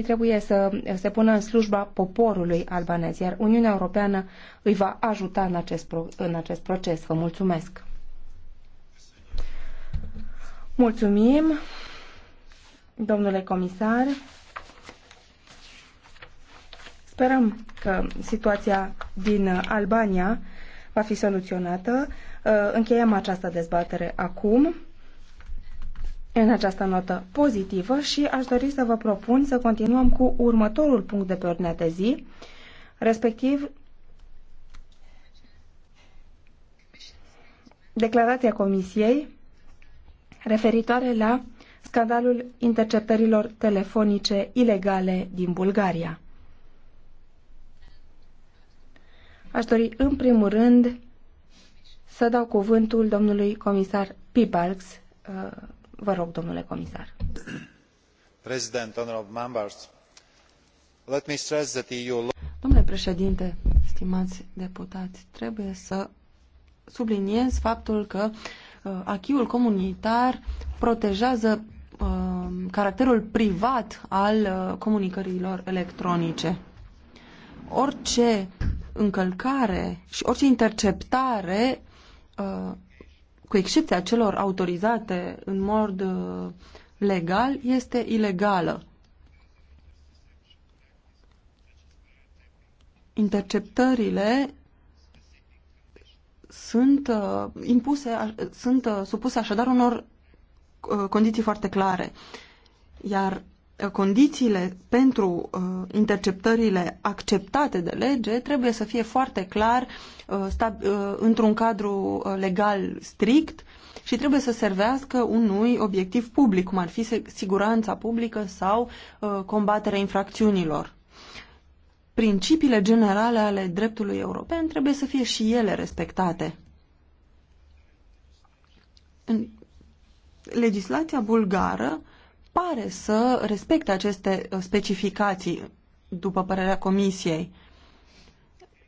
trebuie să se pună în slujba poporului albanez, iar Uniunea Europeană îi va ajuta în acest, pro, în acest proces. Vă mulțumesc! Mulțumim, domnule comisar. Sperăm că situația din Albania va fi soluționată. Încheiem această dezbatere acum în această notă pozitivă și aș dori să vă propun să continuăm cu următorul punct de pe ordinea de zi, respectiv declarația Comisiei referitoare la scandalul interceptărilor telefonice ilegale din Bulgaria. Aș dori în primul rând să dau cuvântul domnului comisar Pibalx, uh, Vă rog, domnule comisar. Domnule președinte, stimați deputați, trebuie să subliniez faptul că uh, acquis-ul comunitar protejează uh, caracterul privat al uh, comunicărilor electronice. Orice încălcare și orice interceptare uh, cu excepția celor autorizate în mod uh, legal, este ilegală. Interceptările sunt uh, impuse, sunt uh, supuse așadar unor uh, condiții foarte clare. Iar condițiile pentru uh, interceptările acceptate de lege trebuie să fie foarte clar uh, uh, într-un cadru uh, legal strict și trebuie să servească unui obiectiv public, cum ar fi siguranța publică sau uh, combaterea infracțiunilor. Principiile generale ale dreptului european trebuie să fie și ele respectate. În legislația bulgară pare să respecte aceste uh, specificații, după părerea Comisiei.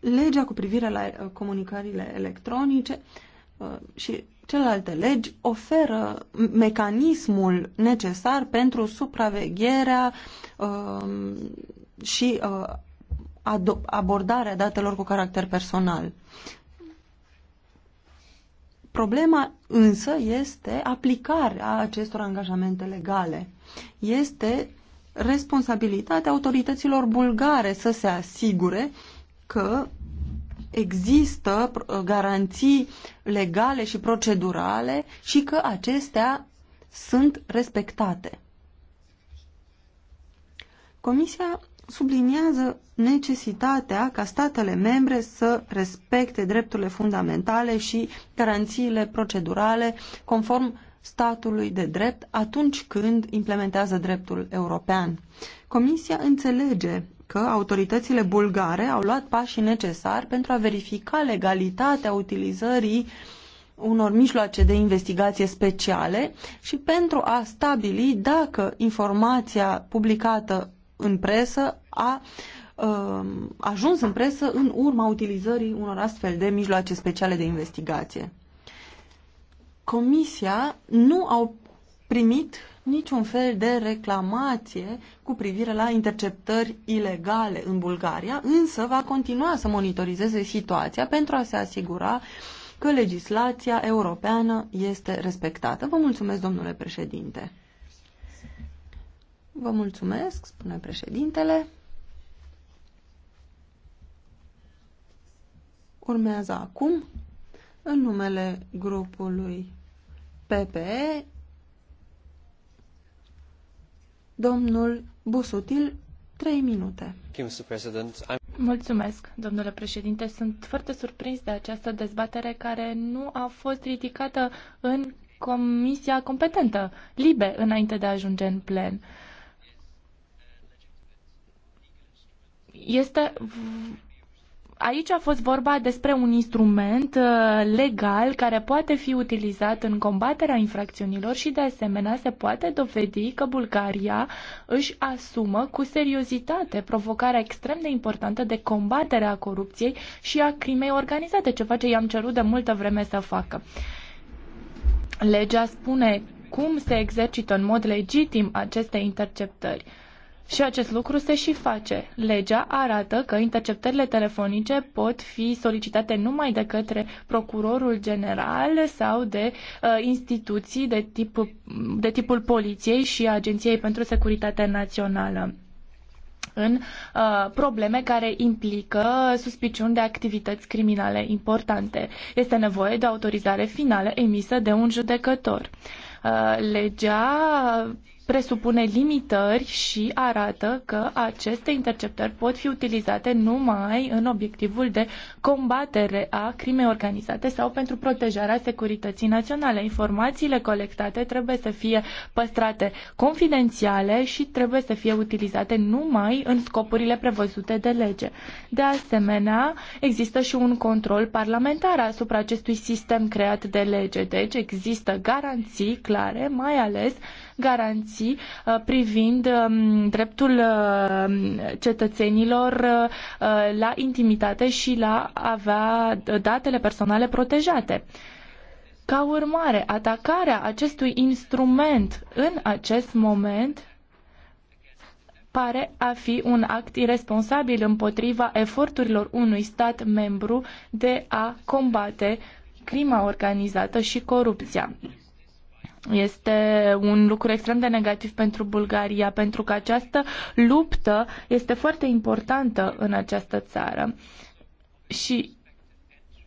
Legea cu privire la uh, comunicările electronice uh, și celelalte legi oferă mecanismul necesar pentru supravegherea um, și abordarea datelor cu caracter personal. Problema însă este aplicarea acestor angajamente legale. Este responsabilitatea autorităților bulgare să se asigure că există garanții legale și procedurale și că acestea sunt respectate. Comisia subliniază necesitatea ca statele membre să respecte drepturile fundamentale și garanțiile procedurale conform statului de drept atunci când implementează dreptul european. Comisia înțelege că autoritățile bulgare au luat pașii necesari pentru a verifica legalitatea utilizării unor mijloace de investigație speciale și pentru a stabili dacă informația publicată în presă a um, ajuns în presă în urma utilizării unor astfel de mijloace speciale de investigație. Comisia nu au primit niciun fel de reclamație cu privire la interceptări ilegale în Bulgaria, însă va continua să monitorizeze situația pentru a se asigura că legislația europeană este respectată. Vă mulțumesc, domnule președinte. Vă mulțumesc, spune președintele. Urmează acum, în numele grupului PPE, domnul Busutil, 3 minute. Mulțumesc, domnule președinte. Sunt foarte surprins de această dezbatere care nu a fost ridicată în comisia competentă, LIBE, înainte de a ajunge în plen. este aici a fost vorba despre un instrument uh, legal care poate fi utilizat în combaterea infracțiunilor și de asemenea se poate dovedi că Bulgaria își asumă cu seriozitate provocarea extrem de importantă de combatere a corupției și a crimei organizate, ce face i-am cerut de multă vreme să facă. Legea spune cum se exercită în mod legitim aceste interceptări și acest lucru se și face. Legea arată că interceptările telefonice pot fi solicitate numai de către procurorul general sau de uh, instituții de, tip, de tipul poliției și Agenției pentru Securitate Națională în uh, probleme care implică suspiciuni de activități criminale importante. Este nevoie de autorizare finală emisă de un judecător. Uh, legea presupune limitări și arată că aceste interceptări pot fi utilizate numai în obiectivul de combatere a crimei organizate sau pentru protejarea securității naționale. Informațiile colectate trebuie să fie păstrate confidențiale și trebuie să fie utilizate numai în scopurile prevăzute de lege. De asemenea, există și un control parlamentar asupra acestui sistem creat de lege, deci există garanții clare, mai ales garanții uh, privind um, dreptul uh, cetățenilor uh, la intimitate și la a avea datele personale protejate. Ca urmare, atacarea acestui instrument în acest moment pare a fi un act irresponsabil împotriva eforturilor unui stat membru de a combate crima organizată și corupția. Este un lucru extrem de negativ pentru Bulgaria, pentru că această luptă este foarte importantă în această țară. Și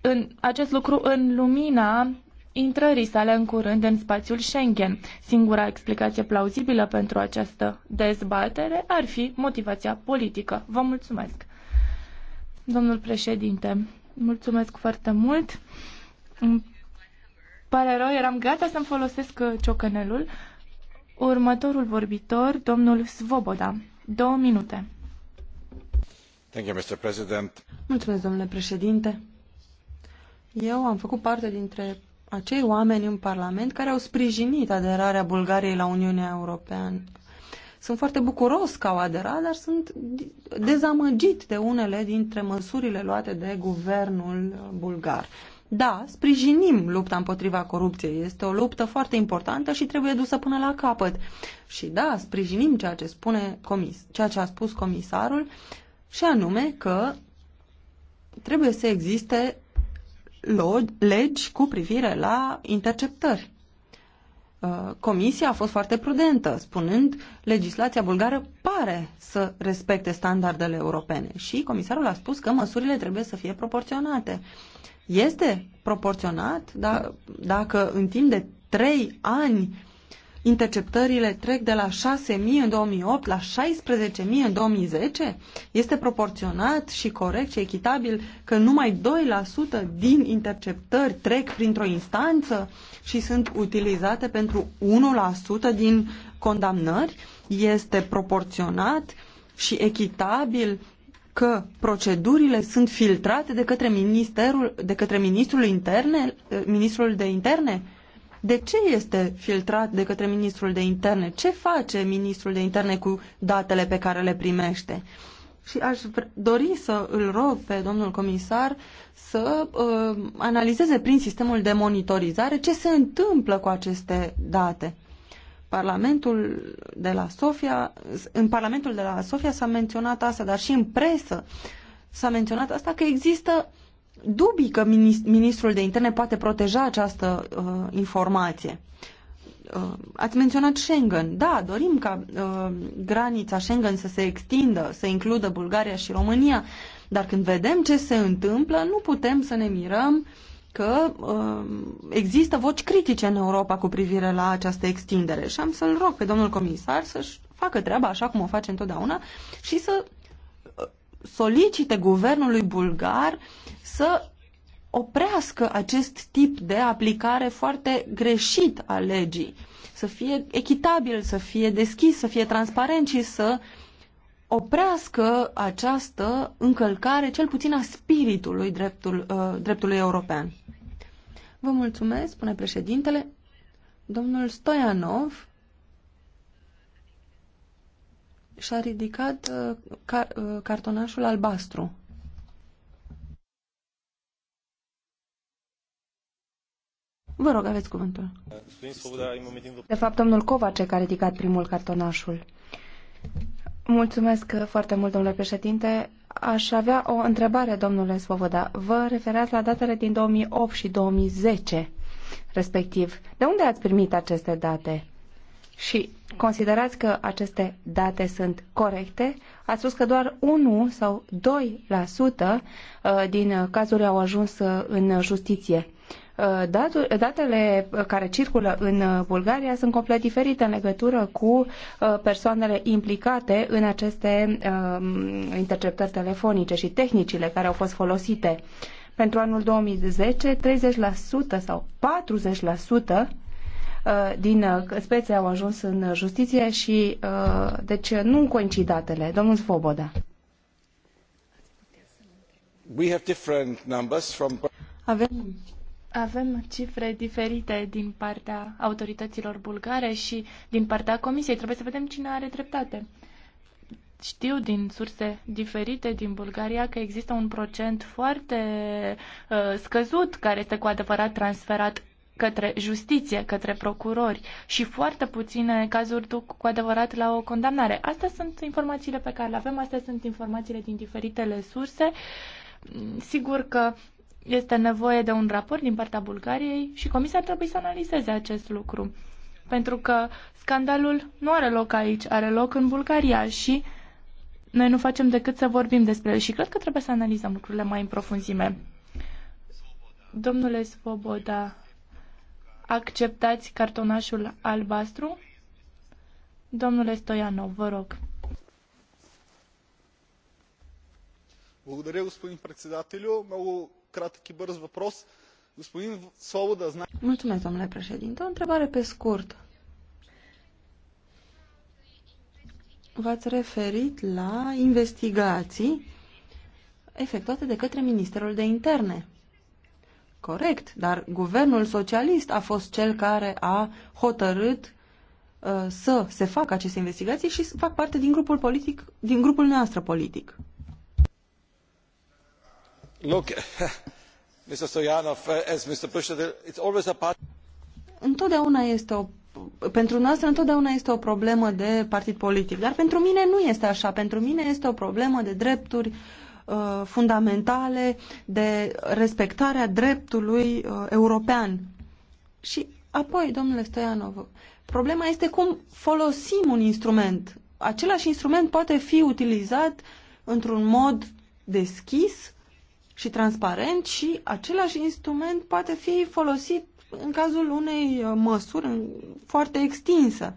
în acest lucru în lumina intrării sale în curând în spațiul Schengen. Singura explicație plauzibilă pentru această dezbatere ar fi motivația politică. Vă mulțumesc. Domnul președinte, mulțumesc foarte mult. Pare rău, eram gata să-mi folosesc uh, ciocănelul. Următorul vorbitor, domnul Svoboda. Două minute. Thank you, Mr. President. Mulțumesc, domnule președinte. Eu am făcut parte dintre acei oameni în Parlament care au sprijinit aderarea Bulgariei la Uniunea Europeană. Sunt foarte bucuros că au aderat, dar sunt dezamăgit de unele dintre măsurile luate de guvernul bulgar. Da, sprijinim lupta împotriva corupției. Este o luptă foarte importantă și trebuie dusă până la capăt. Și da, sprijinim ceea ce, spune comis, ceea ce a spus comisarul și anume că trebuie să existe legi cu privire la interceptări. Uh, comisia a fost foarte prudentă, spunând legislația bulgară pare să respecte standardele europene și comisarul a spus că măsurile trebuie să fie proporționate. Este proporționat da, dacă în timp de 3 ani interceptările trec de la 6.000 în 2008 la 16.000 în 2010? Este proporționat și corect și echitabil că numai 2% din interceptări trec printr-o instanță și sunt utilizate pentru 1% din condamnări? Este proporționat și echitabil că procedurile sunt filtrate de către, ministerul, de către ministrul, interne, eh, ministrul de interne? De ce este filtrat de către ministrul de interne? Ce face ministrul de interne cu datele pe care le primește? Și aș dori să îl rog pe domnul comisar să uh, analizeze prin sistemul de monitorizare ce se întâmplă cu aceste date. Parlamentul de la Sofia, în Parlamentul de la Sofia s-a menționat asta, dar și în presă s-a menționat asta că există dubii că ministrul de interne poate proteja această uh, informație. Uh, ați menționat Schengen. Da, dorim ca uh, granița Schengen să se extindă, să includă Bulgaria și România, dar când vedem ce se întâmplă, nu putem să ne mirăm uh, că um, există voci critice în Europa cu privire la această extindere și am să-l rog pe domnul comisar să-și facă treaba așa cum o face întotdeauna și să uh, solicite guvernului bulgar să oprească acest tip de aplicare foarte greșit a legii, să fie echitabil, să fie deschis, să fie transparent și să uh, oprească această încălcare, cel puțin a spiritului dreptul, uh, dreptului european. Vă mulțumesc, spune președintele. Domnul Stoianov și-a ridicat uh, car, uh, cartonașul albastru. Vă rog, aveți cuvântul. De fapt, domnul Covace a ridicat primul cartonașul. Mulțumesc foarte mult, domnule președinte. Aș avea o întrebare, domnule Svoboda. Vă referați la datele din 2008 și 2010, respectiv. De unde ați primit aceste date? Și considerați că aceste date sunt corecte? Ați spus că doar 1 sau 2% uh, din cazuri au ajuns uh, în justiție. Uh, datele care circulă în uh, Bulgaria sunt complet diferite în legătură cu uh, persoanele implicate în aceste um, interceptări telefonice și tehnicile care au fost folosite. Pentru anul 2010, 30% sau 40% din spețe au ajuns în justiție și deci nu coincid datele. Domnul Svoboda. Avem avem cifre diferite din partea autorităților bulgare și din partea Comisiei. Trebuie să vedem cine are dreptate. Știu din surse diferite din Bulgaria că există un procent foarte uh, scăzut care este cu adevărat transferat către justiție, către procurori și foarte puține cazuri duc cu adevărat la o condamnare. Astea sunt informațiile pe care le avem, astea sunt informațiile din diferitele surse. Sigur că este nevoie de un raport din partea Bulgariei și Comisia trebuie să analizeze acest lucru. Pentru că scandalul nu are loc aici, are loc în Bulgaria și noi nu facem decât să vorbim despre el și cred că trebuie să analizăm lucrurile mai în profunzime. Domnule Svoboda, acceptați cartonașul albastru? Domnule Stoianov, vă rog. Благодаря, господин председателю. Много краткий бърз въпрос. Господин Свобода знае... domnule președinte. O întrebare pe scurt. V-ați referit la investigații efectuate de către Ministerul de Interne. Corect, dar guvernul socialist a fost cel care a hotărât uh, să se facă aceste investigații și fac parte din grupul politic, din grupul noastră politic. Întotdeauna este pentru noastră întotdeauna este o problemă de partid politic, dar pentru mine nu este așa. Pentru mine este o problemă de drepturi uh, fundamentale, de respectarea dreptului uh, european. Și apoi, domnule Stoianov, problema este cum folosim un instrument. Același instrument poate fi utilizat într-un mod deschis și transparent și același instrument poate fi folosit în cazul unei uh, măsuri foarte extinsă.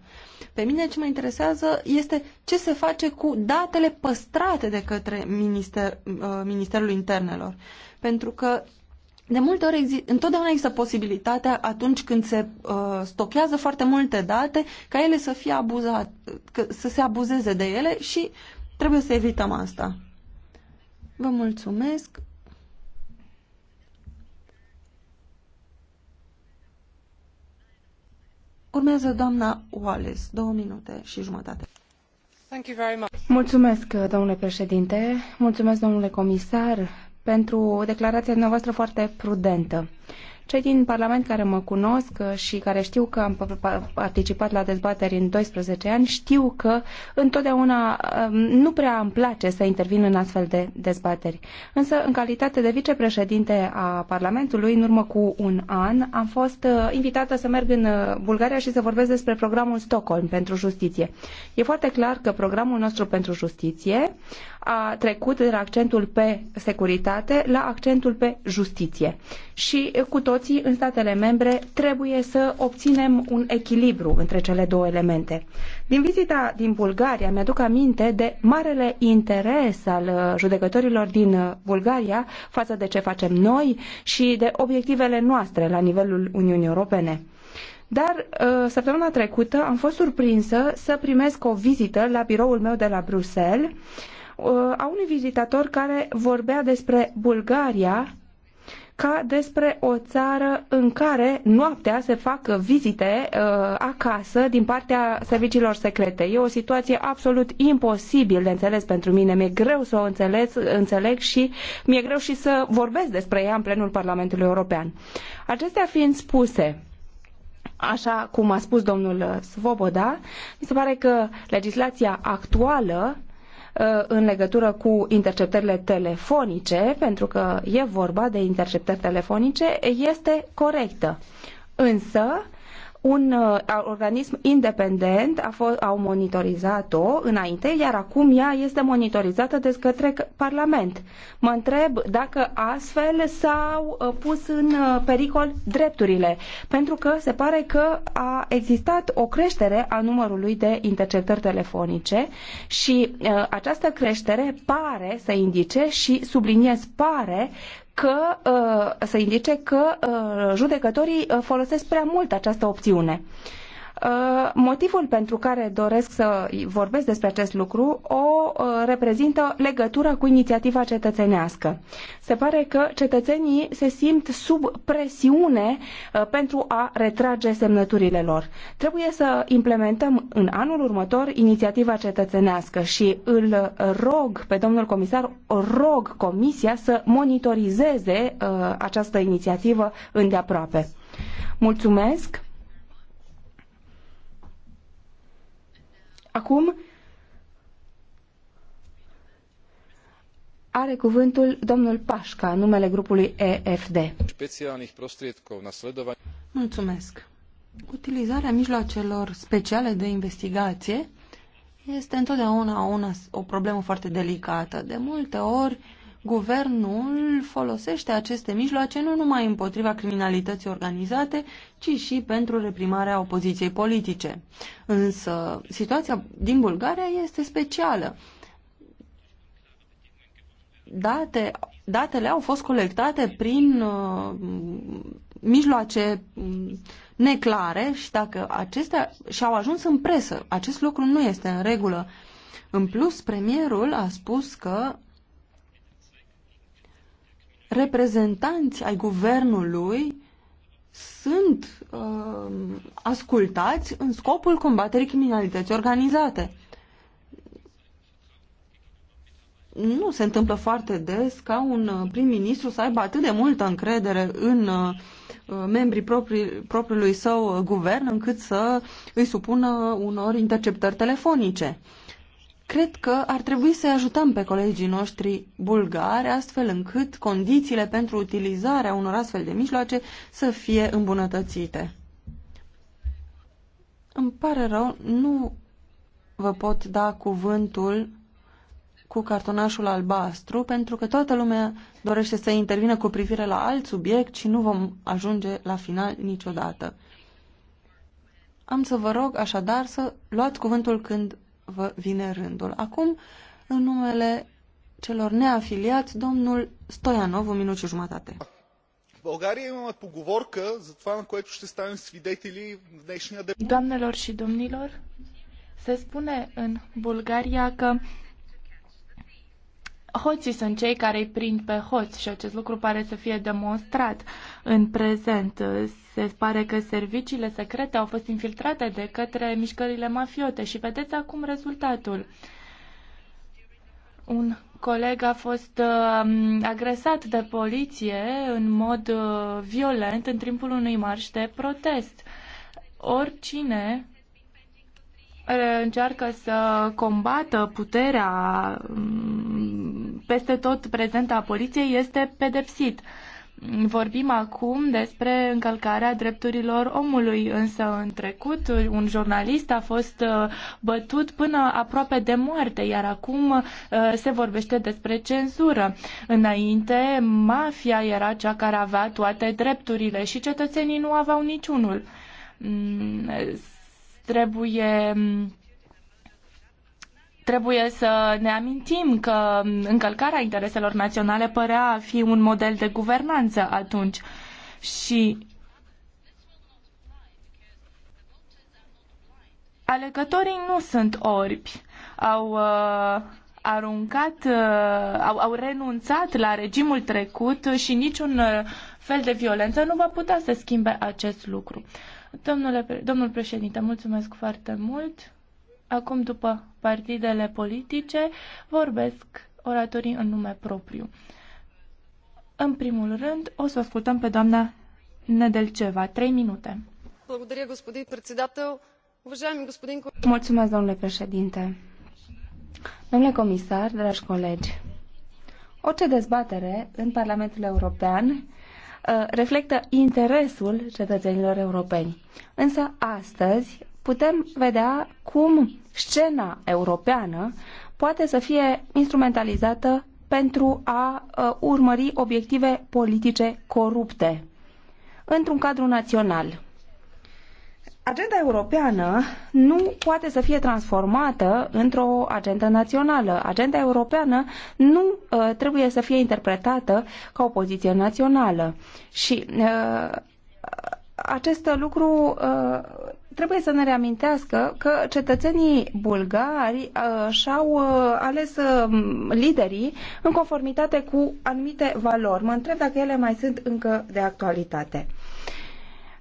Pe mine ce mă interesează este ce se face cu datele păstrate de către minister, uh, Ministerul Internelor. Pentru că de multe ori exist, întotdeauna există posibilitatea atunci când se uh, stochează foarte multe date ca ele să fie abuzat, că, să se abuzeze de ele și trebuie să evităm asta. Vă mulțumesc. Urmează doamna Wallace, două minute și jumătate. Mulțumesc, domnule președinte, mulțumesc, domnule comisar, pentru declarația noastră foarte prudentă. Cei din Parlament care mă cunosc uh, și care știu că am participat la dezbateri în 12 ani știu că întotdeauna um, nu prea îmi place să intervin în astfel de dezbateri. Însă, în calitate de vicepreședinte a Parlamentului, în urmă cu un an, am fost uh, invitată să merg în uh, Bulgaria și să vorbesc despre programul Stockholm pentru justiție. E foarte clar că programul nostru pentru justiție a trecut de la accentul pe securitate la accentul pe justiție. Și cu toții în statele membre trebuie să obținem un echilibru între cele două elemente. Din vizita din Bulgaria mi-aduc aminte de marele interes al uh, judecătorilor din uh, Bulgaria față de ce facem noi și de obiectivele noastre la nivelul Uniunii Europene. Dar uh, săptămâna trecută am fost surprinsă să primesc o vizită la biroul meu de la Bruxelles Uh, a unui vizitator care vorbea despre Bulgaria ca despre o țară în care noaptea se fac vizite uh, acasă din partea serviciilor secrete. E o situație absolut imposibil de înțeles pentru mine. Mi-e greu să o înțeles, înțeleg și mi-e greu și să vorbesc despre ea în plenul Parlamentului European. Acestea fiind spuse, așa cum a spus domnul Svoboda, mi se pare că legislația actuală Uh, în legătură cu interceptările telefonice, pentru că e vorba de interceptări telefonice, este corectă. Însă, un uh, organism independent a fost, au monitorizat-o înainte, iar acum ea este monitorizată de către Parlament. Mă întreb dacă astfel s-au uh, pus în uh, pericol drepturile, pentru că se pare că a existat o creștere a numărului de interceptări telefonice și uh, această creștere pare să indice și subliniez pare că, uh, să indice că uh, judecătorii uh, folosesc prea mult această opțiune. Uh, motivul pentru care doresc să vorbesc despre acest lucru o uh, reprezintă legătura cu inițiativa cetățenească. Se pare că cetățenii se simt sub presiune uh, pentru a retrage semnăturile lor. Trebuie să implementăm în anul următor inițiativa cetățenească și îl rog pe domnul comisar, rog Comisia să monitorizeze această inițiativă îndeaproape. Mulțumesc! Acum are cuvântul domnul Pașca, numele grupului EFD. Mulțumesc. Utilizarea mijloacelor speciale de investigație este întotdeauna una, o problemă foarte delicată. De multe ori, guvernul folosește aceste mijloace nu numai împotriva criminalității organizate, ci și pentru reprimarea opoziției politice. Însă, situația din Bulgaria este specială. Date, datele au fost colectate prin uh, mijloace mm, neclare și dacă acestea și-au ajuns în presă, acest lucru nu este în regulă. În plus, premierul a spus că reprezentanți ai guvernului sunt uh, ascultați în scopul combaterii criminalității organizate. Nu se întâmplă foarte des ca un uh, prim-ministru să aibă atât de multă încredere în uh, uh membrii proprii, propriului său uh, guvern încât să îi supună unor interceptări telefonice. Uh, Cred că ar trebui să ajutăm pe colegii noștri bulgari astfel încât condițiile pentru utilizarea unor astfel de mijloace să fie îmbunătățite. Îmi pare rău, nu vă pot da cuvântul cu cartonașul albastru, pentru că toată lumea dorește să intervină cu privire la alt subiect și nu vom ajunge la final niciodată. Am să vă rog așadar să luați cuvântul când vă vine rândul. Acum, în numele celor neafiliați, domnul Stoianov, un minut și jumătate. Doamnelor și domnilor, se spune în Bulgaria că Hoții sunt cei care îi prind pe hoți și acest lucru pare să fie demonstrat în prezent. Se pare că serviciile secrete au fost infiltrate de către mișcările mafiote și vedeți acum rezultatul. Un coleg a fost uh, agresat de poliție în mod uh, violent în timpul unui marș de protest. Oricine uh, încearcă să combată puterea um, peste tot prezent a poliției este pedepsit. Vorbim acum despre încălcarea drepturilor omului, însă în trecut un jurnalist a fost uh, bătut până aproape de moarte, iar acum uh, se vorbește despre cenzură. Înainte, mafia era cea care avea toate drepturile și cetățenii nu aveau niciunul. Mm, trebuie mm, Trebuie să ne amintim că încălcarea intereselor naționale părea a fi un model de guvernanță atunci și alegătorii nu sunt orbi. Au uh, aruncat, uh, au, au renunțat la regimul trecut și niciun uh, fel de violență nu va putea să schimbe acest lucru. Domnule, domnul președinte, mulțumesc foarte mult. Acum, după partidele politice, vorbesc oratorii în nume propriu. În primul rând, o să ascultăm pe doamna Nedelceva. Trei minute. Mulțumesc, domnule președinte. Domnule comisar, dragi colegi, orice dezbatere în Parlamentul European uh, reflectă interesul cetățenilor europeni. Însă, astăzi, putem vedea cum scena europeană poate să fie instrumentalizată pentru a uh, urmări obiective politice corupte într-un cadru național. Agenda europeană nu poate să fie transformată într-o agendă națională. Agenda europeană nu uh, trebuie să fie interpretată ca o poziție națională. Și uh, acest lucru uh, trebuie să ne reamintească că cetățenii bulgari uh, și-au uh, ales uh, liderii în conformitate cu anumite valori. Mă întreb dacă ele mai sunt încă de actualitate.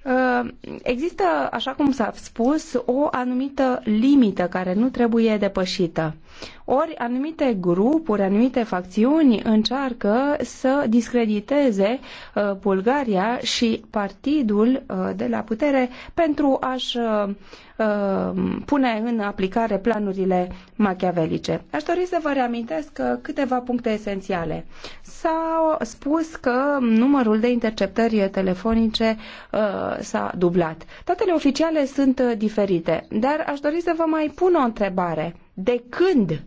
Uh, există, așa cum s-a spus, o anumită limită care nu trebuie depășită. Ori anumite grupuri, anumite facțiuni încearcă să discrediteze uh, Bulgaria și partidul uh, de la putere pentru a-și uh, pune în aplicare planurile machiavelice. Aș dori să vă reamintesc câteva puncte esențiale. S-a spus că numărul de interceptări telefonice s-a dublat. Datele oficiale sunt diferite, dar aș dori să vă mai pun o întrebare. De când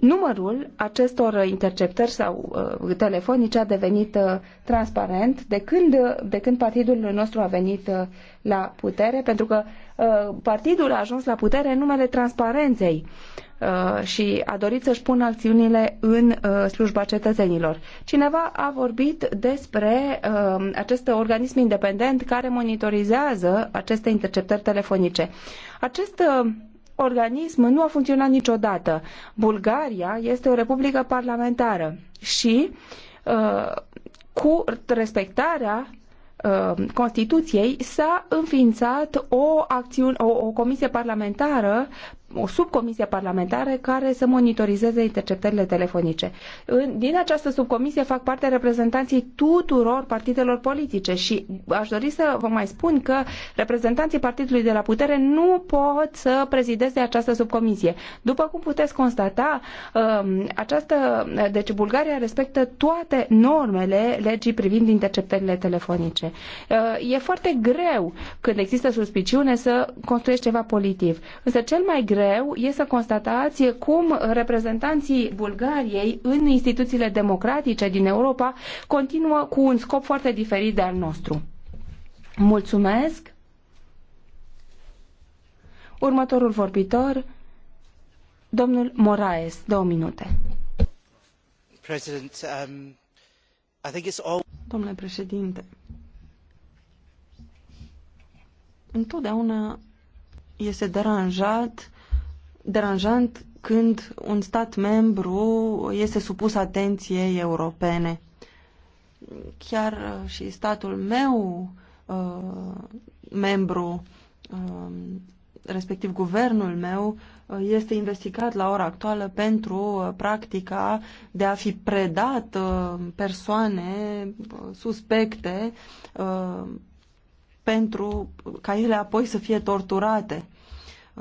Numărul acestor interceptări sau uh, telefonice a devenit uh, transparent de când, de când partidul nostru a venit uh, la putere, pentru că uh, partidul a ajuns la putere în numele transparenței uh, și a dorit să-și pună acțiunile în uh, slujba cetățenilor. Cineva a vorbit despre uh, acest organism independent care monitorizează aceste interceptări telefonice. Acest uh, organism nu a funcționat niciodată. Bulgaria este o republică parlamentară și uh, cu respectarea uh, Constituției s-a înființat o, acțiune, o, o comisie parlamentară o subcomisie parlamentară care să monitorizeze interceptările telefonice. Din această subcomisie fac parte reprezentanții tuturor partidelor politice și aș dori să vă mai spun că reprezentanții partidului de la putere nu pot să prezideze această subcomisie. După cum puteți constata, um, această, deci Bulgaria respectă toate normele legii privind interceptările telefonice. Uh, e foarte greu când există suspiciune să construiești ceva politiv. Însă cel mai greu greu e să constatați cum reprezentanții Bulgariei în instituțiile democratice din Europa continuă cu un scop foarte diferit de al nostru. Mulțumesc! Următorul vorbitor, domnul Moraes, două minute. Um, all... Domnule președinte, întotdeauna este deranjat deranjant când un stat membru este supus atenției europene. Chiar uh, și statul meu, uh, membru, um, respectiv guvernul meu, uh, este investigat la ora actuală pentru practica de a fi predat persoane suspecte pentru ca ele apoi să fie torturate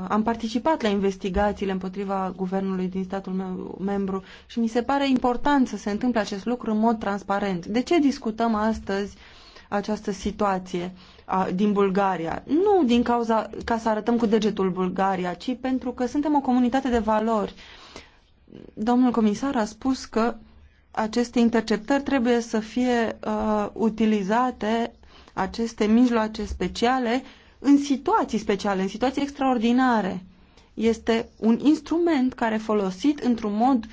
am participat la investigațiile împotriva guvernului din statul meu membru și mi se pare important să se întâmple acest lucru în mod transparent. De ce discutăm astăzi această situație a, din Bulgaria? Nu din cauza ca să arătăm cu degetul Bulgaria, ci pentru că suntem o comunitate de valori. Domnul comisar a spus că aceste interceptări trebuie să fie uh, utilizate, aceste mijloace speciale, uh, în situații speciale, în situații extraordinare. Este un instrument care folosit într-un mod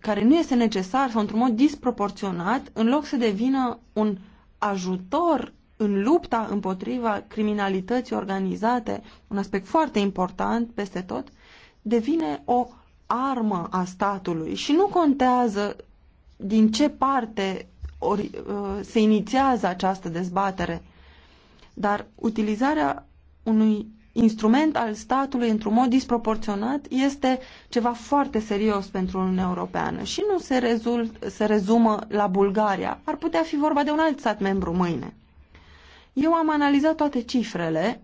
care nu este necesar sau într-un mod disproporționat, în loc să devină un ajutor în lupta împotriva criminalității organizate, un aspect foarte important peste tot, devine o armă a statului și nu contează din ce parte ori, uh, se inițiază această dezbatere. Dar utilizarea unui instrument al statului într-un mod disproporționat este ceva foarte serios pentru Uniunea Europeană și nu se, rezult, se rezumă la Bulgaria. Ar putea fi vorba de un alt stat membru mâine. Eu am analizat toate cifrele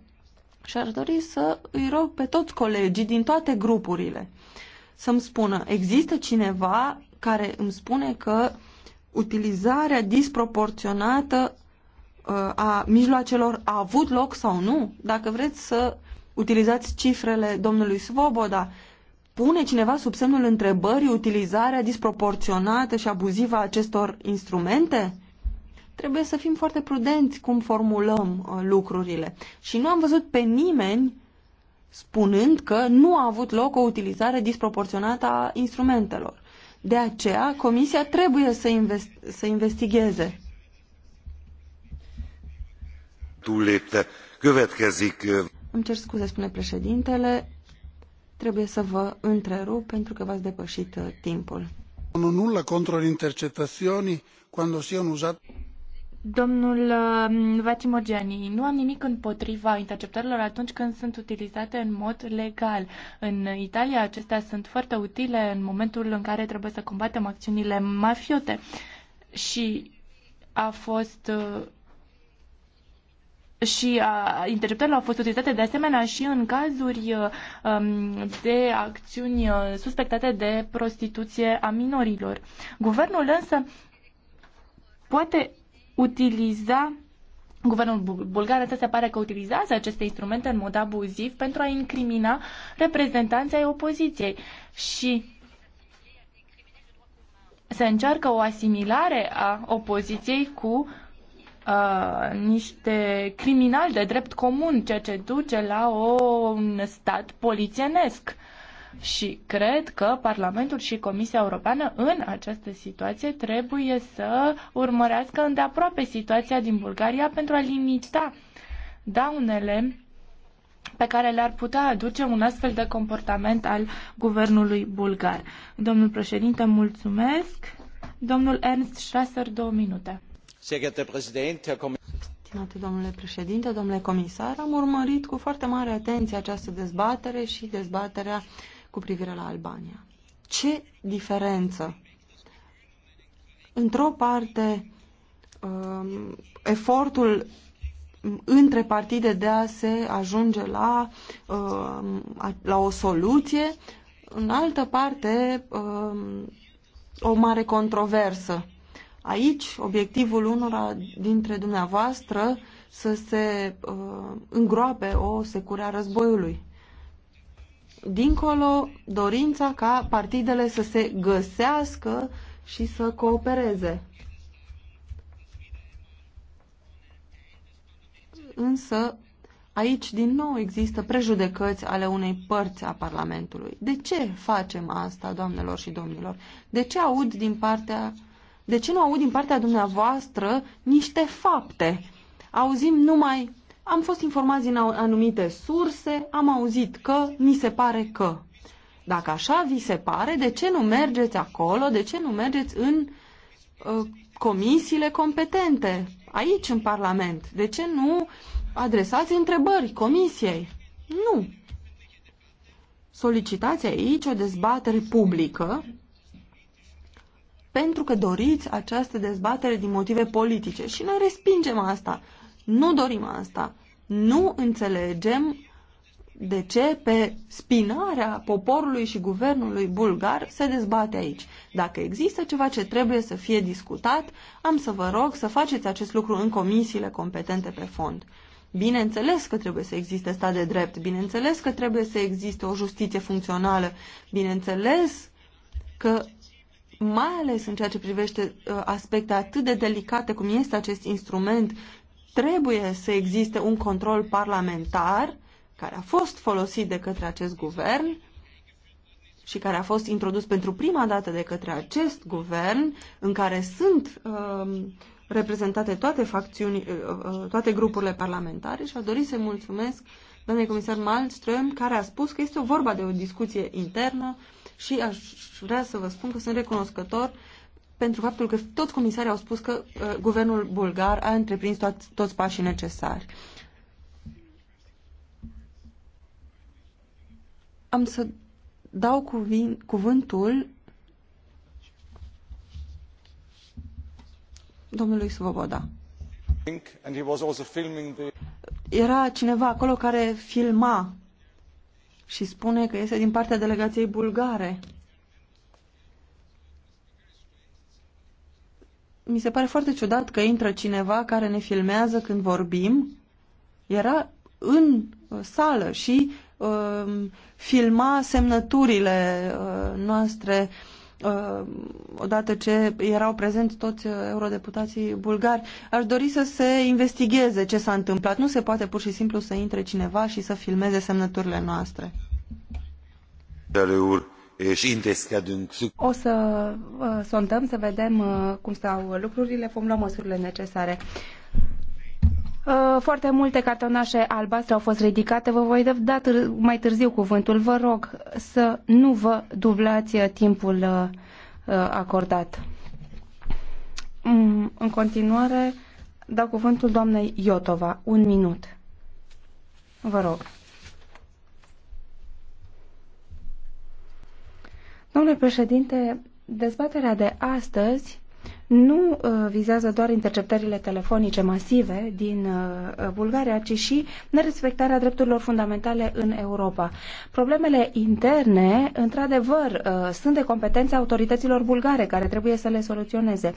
și ar dori să îi rog pe toți colegii din toate grupurile să-mi spună, există cineva care îmi spune că utilizarea disproporționată a mijloacelor a avut loc sau nu. Dacă vreți să utilizați cifrele domnului Svoboda, pune cineva sub semnul întrebării utilizarea disproporționată și abuzivă a acestor instrumente? Trebuie să fim foarte prudenți cum formulăm uh, lucrurile. Și nu am văzut pe nimeni spunând că nu a avut loc o utilizare disproporționată a instrumentelor. De aceea, Comisia trebuie să, invest- să investigheze túllépte. Következik... Îmi cer scuze, spune președintele. Trebuie să vă întrerup pentru că v-ați depășit timpul. Nu nulla contro le intercettazioni quando siano usate... Domnul Vatimogeni, nu am nimic împotriva interceptărilor atunci când sunt utilizate în mod legal. În Italia acestea sunt foarte utile în momentul în care trebuie să combatem acțiunile mafiote. Și a fost și a, uh, interceptările au fost utilizate de asemenea și în cazuri uh, um, de acțiuni uh, suspectate de prostituție a minorilor. Guvernul însă poate utiliza Guvernul bulgar însă se pare că utilizează aceste instrumente în mod abuziv pentru a incrimina reprezentanții ai opoziției și se încearcă o asimilare a opoziției cu uh, niște criminali de drept comun, ceea ce duce la o, un stat polițienesc. Și cred că Parlamentul și Comisia Europeană în această situație trebuie să urmărească îndeaproape situația din Bulgaria pentru a limita daunele pe care le-ar putea aduce un astfel de comportament al guvernului bulgar. Domnul președinte, mulțumesc. Domnul Ernst Strasser, două minute domnule președinte, domnule comisar, am urmărit cu foarte mare atenție această dezbatere și dezbaterea cu privire la Albania. Ce diferență! Într-o parte, um, efortul între partide de a se ajunge la, um, la o soluție, în altă parte, um, o mare controversă Aici, obiectivul unora dintre dumneavoastră să se uh, îngroape o securea războiului. Dincolo, dorința ca partidele să se găsească și să coopereze. Însă, aici din nou există prejudecăți ale unei părți a Parlamentului. De ce facem asta, doamnelor și domnilor? De ce aud din partea uh, de ce nu aud din partea dumneavoastră niște fapte? Auzim numai, am fost informați din anumite surse, am auzit că, mi se pare că. Dacă așa vi se pare, de ce nu mergeți acolo, de ce nu mergeți în uh, comisiile competente, aici în Parlament? De ce nu adresați întrebări comisiei? Nu. Solicitați aici o dezbatere publică pentru că doriți această dezbatere din motive politice și noi respingem asta. Nu dorim asta. Nu înțelegem de ce pe spinarea poporului și guvernului bulgar se dezbate aici. Dacă există ceva ce trebuie să fie discutat, am să vă rog să faceți acest lucru în comisiile competente pe fond. Bineînțeles că trebuie să existe stat de drept, bineînțeles că trebuie să existe o justiție funcțională, bineînțeles că mai ales în ceea ce privește uh, aspecte atât de delicate cum este acest instrument, trebuie să existe un control parlamentar care a fost folosit de către acest guvern și care a fost introdus pentru prima dată de către acest guvern, în care sunt uh, reprezentate toate facțiuni, uh, uh, toate grupurile parlamentare și a dori să mulțumesc doamnei comisar Malmström, care a spus că este o vorba de o discuție internă uh, și aș vrea să vă spun că sunt recunoscător pentru faptul că toți comisarii au spus că uh, guvernul bulgar a întreprins toat, toți pașii necesari. Am să dau cuvin, cuvântul domnului Svoboda. Era cineva acolo care filma și spune că este din partea delegației bulgare. Mi se pare foarte ciudat că intră cineva care ne filmează când vorbim. Era în uh, sală și uh, filma semnăturile uh, noastre uh, Uh, odată ce erau prezenți toți uh, eurodeputații bulgari, aș dori să se investigheze ce s-a întâmplat. Nu se poate pur și simplu să intre cineva și să filmeze semnăturile noastre. O să uh, sondăm, să vedem cum stau lucrurile, vom lua măsurile necesare. Uh, foarte multe cartonașe albastre au fost ridicate. Vă voi da târ- mai târziu cuvântul. Vă rog să nu vă dublați uh, timpul uh, acordat. Mm, în continuare, dau cuvântul doamnei Iotova. Un minut. Vă rog. Domnule președinte, dezbaterea de astăzi nu uh, vizează doar interceptările telefonice masive din uh, uh, Bulgaria, ci și nerespectarea drepturilor fundamentale în Europa. Problemele interne, într-adevăr, sunt de competența autorităților bulgare, care trebuie să le soluționeze.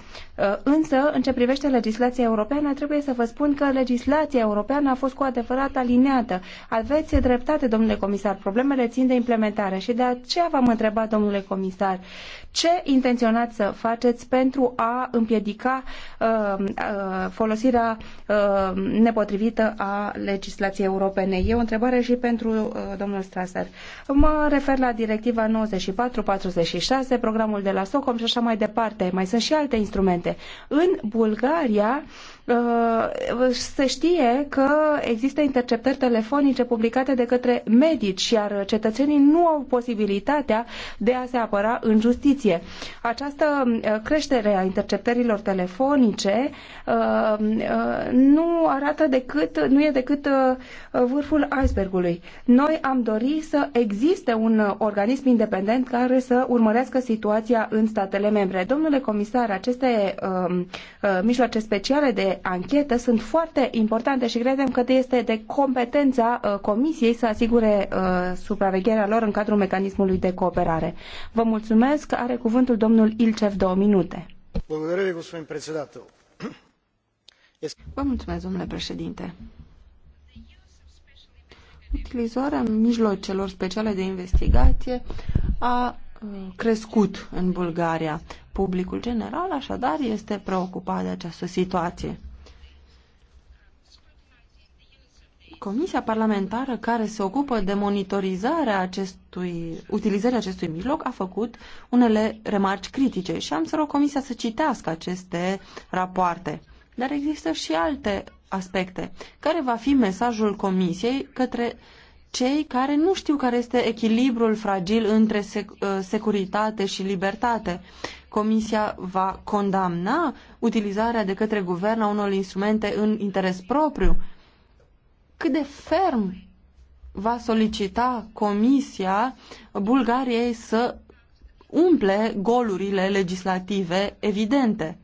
Însă, în ce privește legislația europeană, trebuie să vă spun că legislația europeană a fost cu adevărat alineată. Aveți dreptate, domnule comisar, problemele țin de implementare și de aceea v-am întrebat, domnule comisar, ce intenționați să faceți pentru a împiedica uh, uh, folosirea uh, nepotrivită a legislației europene. E o întrebare și pentru domnul Strasser. Mă refer la directiva 94-46, programul de la Socom și așa mai departe. Mai sunt și alte instrumente. În Bulgaria, Uh, se știe că există interceptări telefonice publicate de către medici, iar cetățenii nu au posibilitatea de a se apăra în justiție. Această uh, creștere a interceptărilor telefonice uh, nu arată decât, nu e decât vârful icebergului. Noi am dorit să existe un organism independent care să urmărească situația în statele membre. Domnule comisar, aceste mijloace speciale de anchetă sunt foarte importante și credem că este de competența uh, Comisiei să asigure uh, supravegherea lor în cadrul mecanismului de cooperare. Vă mulțumesc. Are cuvântul domnul Ilcev două minute. Vă mulțumesc, domnule președinte. Utilizarea mijlocelor speciale de investigație a uh, crescut în Bulgaria. Publicul general, așadar, este preocupat de această situație. Comisia parlamentară care se ocupă de monitorizarea acestui, utilizarea acestui mijloc a făcut unele remarci critice și am să rog Comisia să citească aceste rapoarte. Dar există și alte aspecte. Care va fi mesajul Comisiei către cei care nu știu care este echilibrul fragil între sec- ă, securitate și libertate? Comisia va condamna utilizarea de către guvern a unor instrumente în interes propriu? cât de ferm va solicita Comisia Bulgariei să umple golurile legislative evidente.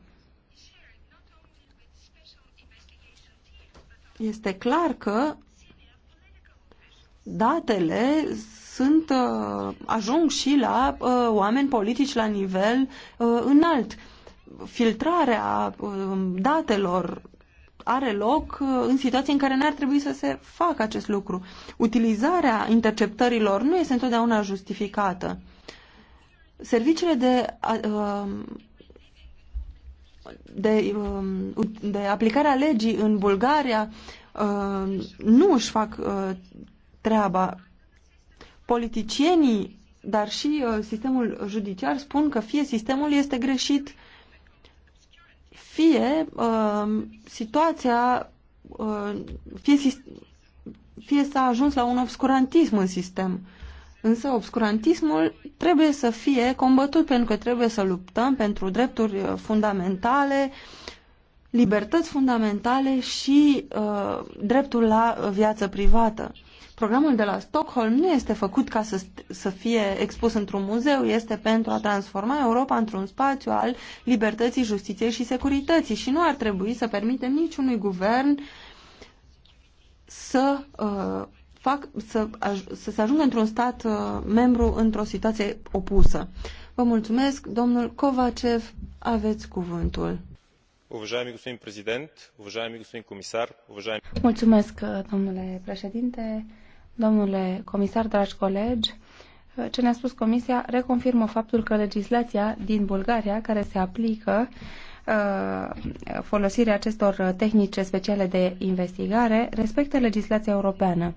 Este clar că datele sunt, uh, ajung și la uh, oameni politici la nivel uh, înalt. Filtrarea datelor are loc uh, în situații în care n-ar trebui să se facă acest lucru. Utilizarea interceptărilor nu este întotdeauna justificată. Serviciile de, um, de, um, de aplicare a legii în Bulgaria um, nu își fac uh, treaba. Politicienii, dar și uh, sistemul judiciar spun că fie sistemul este greșit, fie uh, situația, uh, fie, fie s-a ajuns la un obscurantism în sistem. Însă obscurantismul trebuie să fie combătut pentru că trebuie să luptăm pentru drepturi uh, fundamentale, libertăți fundamentale și uh, dreptul la viață privată. Programul de la Stockholm nu este făcut ca să, să fie expus într-un muzeu, este pentru a transforma Europa într-un spațiu al libertății, justiției și securității și nu ar trebui să permitem niciunui guvern să, uh, fac, să, să se ajungă într-un stat uh, membru într-o situație opusă. Vă mulțumesc, domnul Kovacev, aveți cuvântul. Mulțumesc, uh, domnule președinte Domnule comisar, dragi colegi, ce ne-a spus Comisia reconfirmă faptul că legislația din Bulgaria, care se aplică uh, folosirea acestor tehnice speciale de investigare, respectă legislația europeană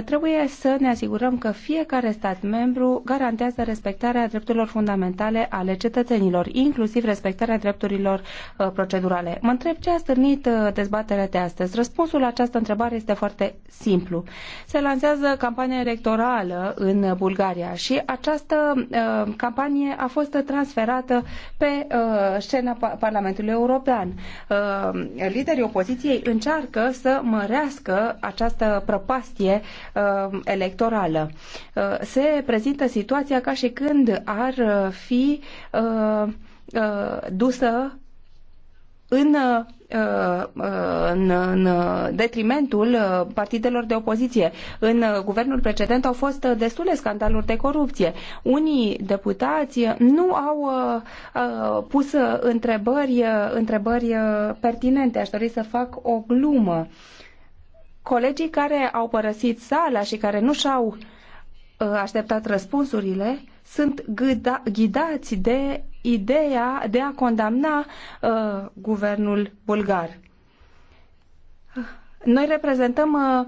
trebuie să ne asigurăm că fiecare stat membru garantează respectarea drepturilor fundamentale ale cetățenilor, inclusiv respectarea drepturilor uh, procedurale. Mă întreb ce a stârnit uh, dezbaterea de astăzi. Răspunsul la această întrebare este foarte simplu. Se lansează campania electorală în Bulgaria și această uh, campanie a fost transferată pe scena Parlamentului European. Liderii opoziției încearcă să mărească această prăpastie uh, electorală. Uh, se prezintă situația ca și când ar fi uh, uh, dusă în, uh, uh, în, în detrimentul uh, partidelor de opoziție. În guvernul precedent au fost destule scandaluri de corupție. Unii deputați nu au pus întrebări, întrebări pertinente. Aș dori să fac o glumă. Uh, colegii care au părăsit sala și care nu și-au uh, așteptat răspunsurile sunt ghidați de ideea de a condamna uh, guvernul bulgar. Noi reprezentăm uh,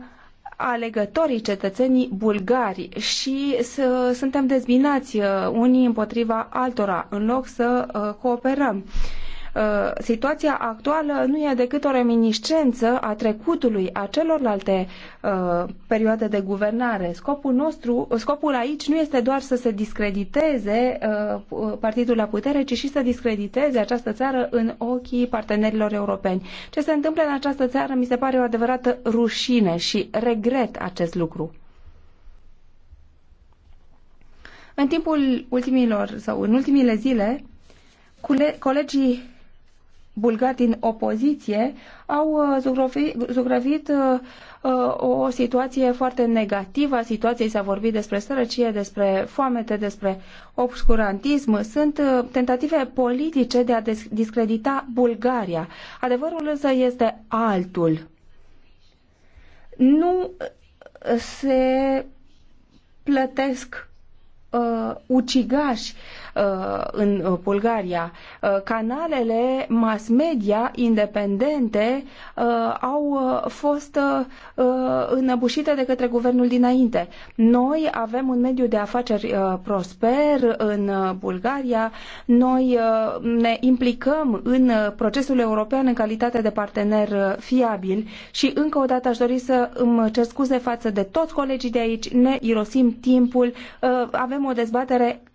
alegătorii cetățenii bulgari și să, suntem dezbinați uh, unii împotriva altora în loc să uh, cooperăm. Uh, Uh, situația actuală nu e decât o reminiscență a trecutului, a celorlalte uh, perioade de guvernare. Scopul nostru, scopul aici nu este doar să se discrediteze uh, partidul la putere, ci și să discrediteze această țară în ochii partenerilor europeni. Ce se întâmplă în această țară mi se pare o adevărată rușine și regret acest lucru. În timpul ultimilor sau în ultimile zile, colegii bulgari din opoziție au uh, zugrăvit uh, uh, o situație foarte negativă a situației. S-a vorbit despre sărăcie, despre foamete, despre obscurantism. Sunt tentative politice de a discredita Bulgaria. Adevărul însă este altul. Nu se plătesc uh, ucigași uh, Uh, în uh, Bulgaria. Uh, canalele mass media independente au fost înăbușite de către guvernul dinainte. Noi avem un mediu de afaceri prosper în Bulgaria. Noi ne implicăm în procesul european în calitate de partener fiabil și încă o dată aș dori să îmi cer scuze față de toți colegii de aici. Ne irosim timpul. Avem o dezbatere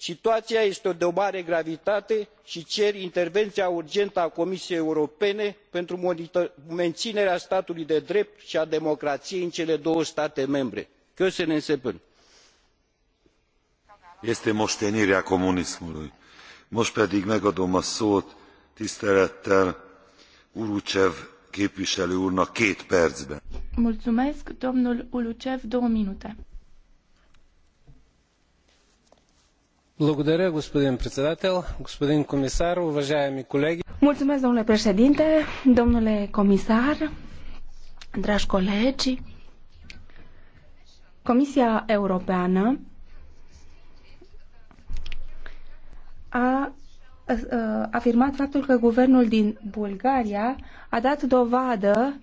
situaia este de o mare gravitate i cer intervenia urgentă a comisiei europene pentru meninerea statului de drept i a democraiei în cele două state membre. köszönöm szépen! este mostenirea comunismului. most pedig megadom a szót tisztelettel urucev képviselő úrnak két percben. Mulțumesc, domnul Ulucev, două minute господин председател, господин комисар, уважаеми колеги. Mulțumesc, domnule președinte, domnule comisar, dragi colegi. Comisia Europeană a afirmat faptul că guvernul din Bulgaria a dat dovadă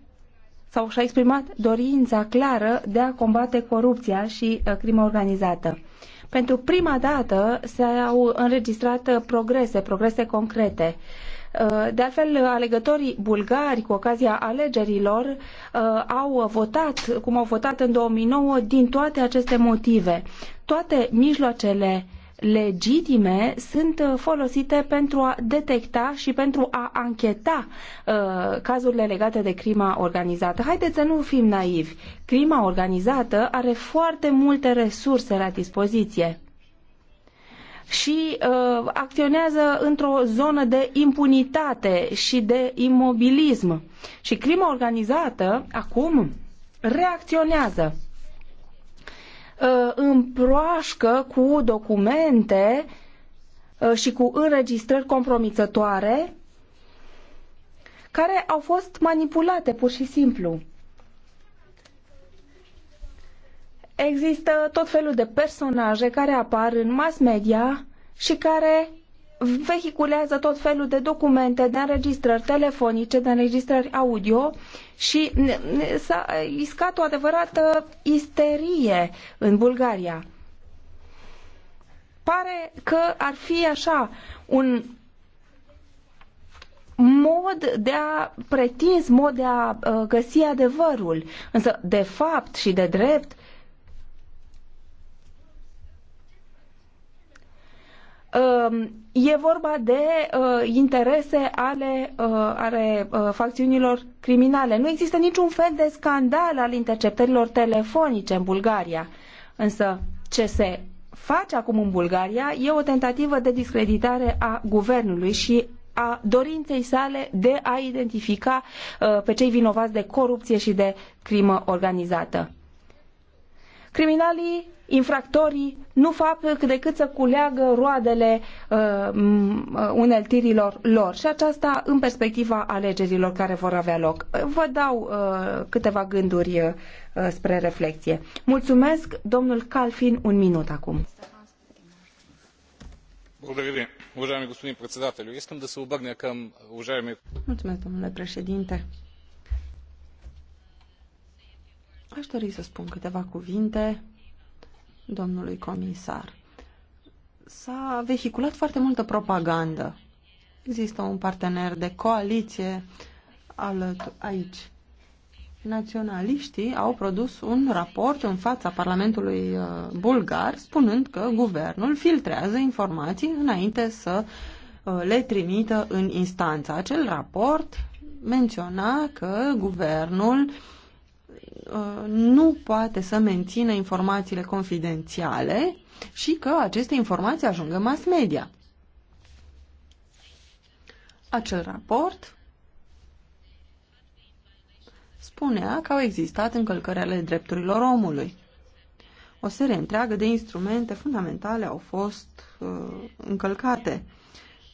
sau și-a exprimat dorința clară de a combate corupția și uh, crima organizată. Pentru prima dată s-au înregistrat progrese, progrese concrete. Uh, de altfel, alegătorii bulgari, cu ocazia alegerilor, uh, au votat, cum au votat în 2009, din toate aceste motive. Toate mijloacele legitime sunt uh, folosite pentru a detecta și pentru a ancheta uh, cazurile legate de crima organizată. Haideți să nu fim naivi. Crima organizată are foarte multe resurse la dispoziție și uh, acționează într-o zonă de impunitate și de imobilism. Și crima organizată acum reacționează Uh, împroașcă cu documente uh, și cu înregistrări compromițătoare care au fost manipulate pur și simplu. Există tot felul de personaje care apar în mass media și care vehiculează tot felul de documente, de înregistrări telefonice, de înregistrări audio și s-a iscat o adevărată isterie în Bulgaria. Pare că ar fi așa un mod de a pretins, mod de a uh, găsi adevărul. Însă, de fapt și de drept, um, E vorba de uh, interese ale, uh, ale uh, facțiunilor criminale. Nu există niciun fel de scandal al interceptărilor telefonice în Bulgaria. Însă ce se face acum în Bulgaria e o tentativă de discreditare a guvernului și a dorinței sale de a identifica uh, pe cei vinovați de corupție și de crimă organizată criminalii, infractorii nu fac decât să culeagă roadele uh, uh, uneltirilor lor și aceasta în perspectiva alegerilor care vor avea loc. Vă dau uh, câteva gânduri uh, spre reflexie. Mulțumesc, domnul Calfin, un minut acum. Mulțumesc, domnule președinte. Aș dori să spun câteva cuvinte domnului comisar. S-a vehiculat foarte multă propagandă. Există un partener de coaliție aici. Naționaliștii au produs un raport în fața Parlamentului uh, bulgar spunând că guvernul filtrează informații înainte să uh, le trimită în instanță. Acel raport menționa că guvernul uh, Uh, nu poate să mențină informațiile confidențiale și că aceste informații ajung în mass media. Acel raport spunea că au existat încălcări ale drepturilor omului. O serie întreagă de instrumente fundamentale au fost uh, încălcate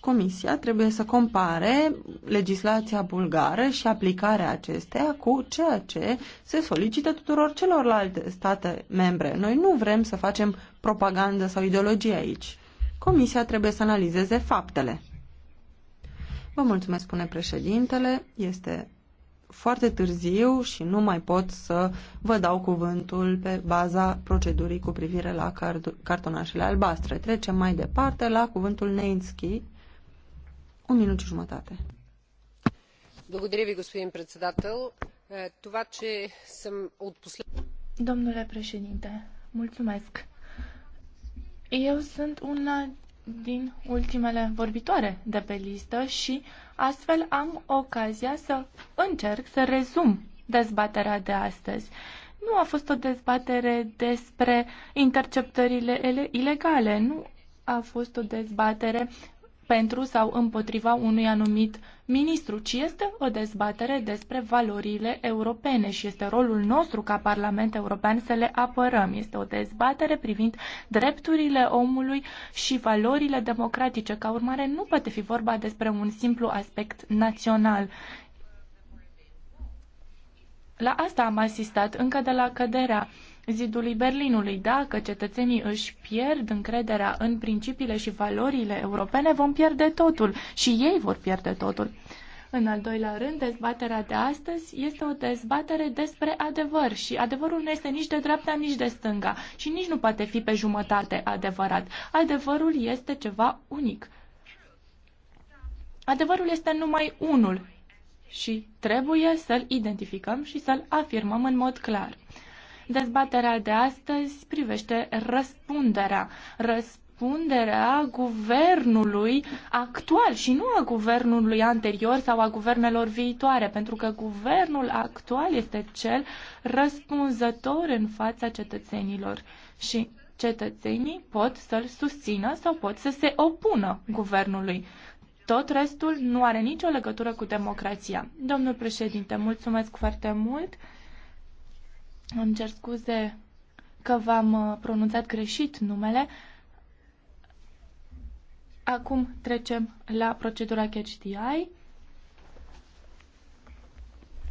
Comisia trebuie să compare legislația bulgară și aplicarea acesteia cu ceea ce se solicită tuturor celorlalte state membre. Noi nu vrem să facem propagandă sau ideologie aici. Comisia trebuie să analizeze faptele. Vă mulțumesc, spune președintele. Este foarte târziu și nu mai pot să vă dau cuvântul pe baza procedurii cu privire la cartonașele albastre. Trecem mai departe la cuvântul Neinski un minut și jumătate. Domnule președinte, mulțumesc. Eu sunt una din ultimele vorbitoare de pe listă și astfel am ocazia să încerc să rezum dezbaterea de astăzi. Nu a fost o dezbatere despre interceptările ilegale, nu a fost o dezbatere pentru sau împotriva unui anumit ministru, ci este o dezbatere despre valorile europene și este rolul nostru ca Parlament European să le apărăm. Este o dezbatere privind drepturile omului și valorile democratice. Ca urmare, nu poate fi vorba despre un simplu aspect național. La asta am asistat încă de la căderea zidului Berlinului. Dacă cetățenii își pierd încrederea în principiile și valorile europene, vom pierde totul și ei vor pierde totul. În al doilea rând, dezbaterea de astăzi este o dezbatere despre adevăr și adevărul nu este nici de dreapta, nici de stânga și nici nu poate fi pe jumătate adevărat. Adevărul este ceva unic. Adevărul este numai unul și trebuie să-l identificăm și să-l afirmăm în mod clar. Dezbaterea de astăzi privește răspunderea. Răspunderea guvernului actual și nu a guvernului anterior sau a guvernelor viitoare, pentru că guvernul actual este cel răspunzător în fața cetățenilor. Și cetățenii pot să-l susțină sau pot să se opună guvernului. Tot restul nu are nicio legătură cu democrația. Domnul președinte, mulțumesc foarte mult. Îmi cer scuze că v-am uh, pronunțat greșit numele. Acum trecem la procedura CHDI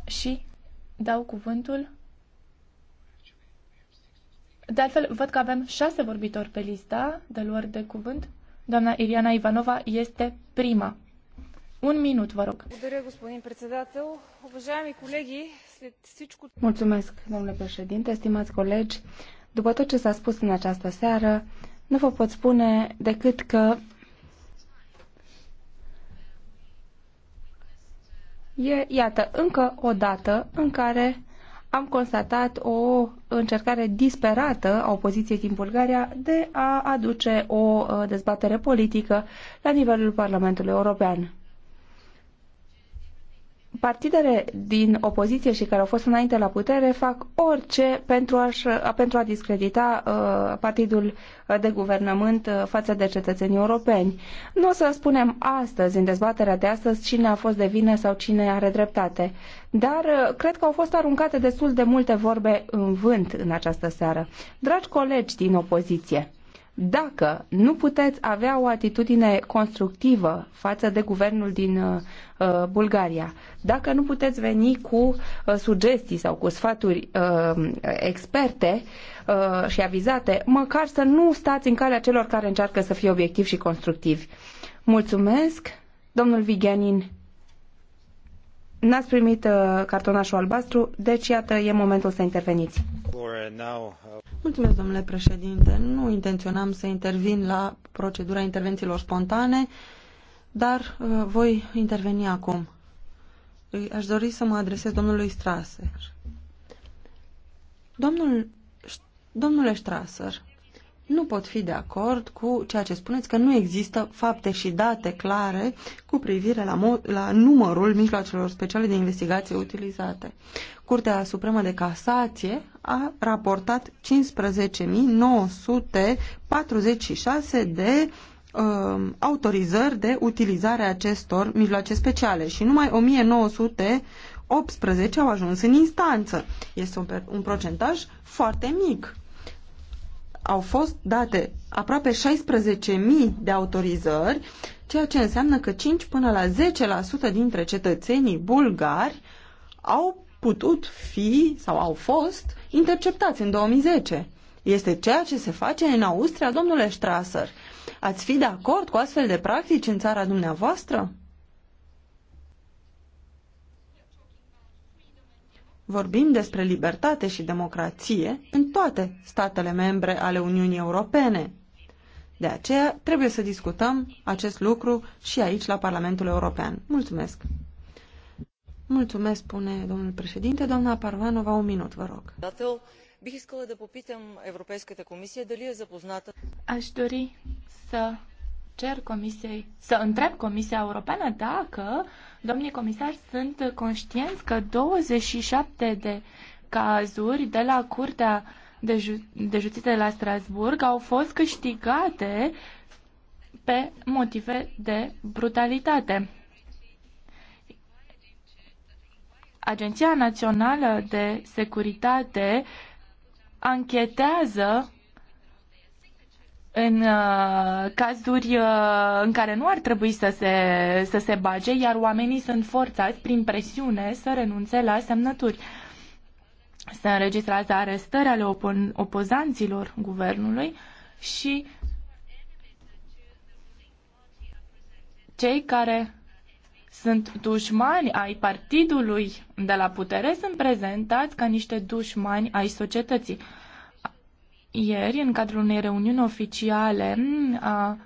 și dau cuvântul. De altfel, văd că avem șase vorbitori pe lista de luări de cuvânt. Doamna Iriana Ivanova este prima. Un minut, vă rog. Благодаря, господин председател. Уважаеми колеги, Mulțumesc, domnule președinte, stimați colegi. După tot ce s-a spus în această seară, nu vă pot spune decât că e, iată, încă o dată în care am constatat o încercare disperată a opoziției din Bulgaria de a aduce o uh, dezbatere politică la nivelul Parlamentului European partidele din opoziție și care au fost înainte la putere fac orice pentru, a pentru a discredita uh, partidul de guvernământ uh, față de cetățenii europeni. Nu o să spunem astăzi, în dezbaterea de astăzi, cine a fost de vină sau cine are dreptate, dar uh, cred că au fost aruncate destul de multe vorbe în vânt în această seară. Dragi colegi din opoziție, dacă nu puteți avea o atitudine constructivă față de guvernul din uh, uh, Bulgaria, dacă nu puteți veni cu uh, sugestii sau cu sfaturi uh, experte uh, și avizate, măcar să nu stați în calea celor care încearcă să fie obiectivi și constructivi. Mulțumesc, domnul Vigenin. N-ați primit uh, cartonașul albastru, deci iată, e momentul să interveniți. Uh, Mulțumesc, domnule președinte. Nu intenționam să intervin la procedura intervențiilor spontane, dar uh, voi interveni acum. Aș dori să mă adresez domnului Strasser. Domnul, domnule Strasser, nu pot fi de acord cu ceea ce spuneți că nu există fapte și date clare cu privire la, la numărul mijloacelor speciale de investigație utilizate. Curtea Supremă de Casație a raportat 15.946 de uh, autorizări de utilizare a acestor mijloace speciale și numai 1918 au ajuns în instanță. Este un, un procentaj foarte mic au fost date aproape 16.000 de autorizări, ceea ce înseamnă că 5 până la 10% dintre cetățenii bulgari au putut fi sau au fost interceptați în 2010. Este ceea ce se face în Austria, domnule Strasser. Ați fi de acord cu astfel de practici în țara dumneavoastră? Vorbim despre libertate și democrație în toate statele membre ale Uniunii Europene. De aceea trebuie să discutăm acest lucru și aici la Parlamentul European. Mulțumesc! Mulțumesc, spune domnul președinte. Doamna Parvanova, un minut, vă rog. Aș dori să cer comisiei, să întreb Comisia Europeană dacă uh, Domnii comisari, sunt conștienți că 27 de cazuri de la Curtea de, Ju- de Justiție de la Strasburg au fost câștigate pe motive de brutalitate. Agenția Națională de Securitate anchetează în uh, cazuri uh, în care nu ar trebui să se, să se bage, iar oamenii sunt forțați prin presiune să renunțe la semnături. Se înregistrează arestări ale opon- opozanților guvernului și cei care sunt dușmani ai partidului de la putere sunt prezentați ca niște dușmani ai societății. Ieri, în cadrul unei reuniuni oficiale a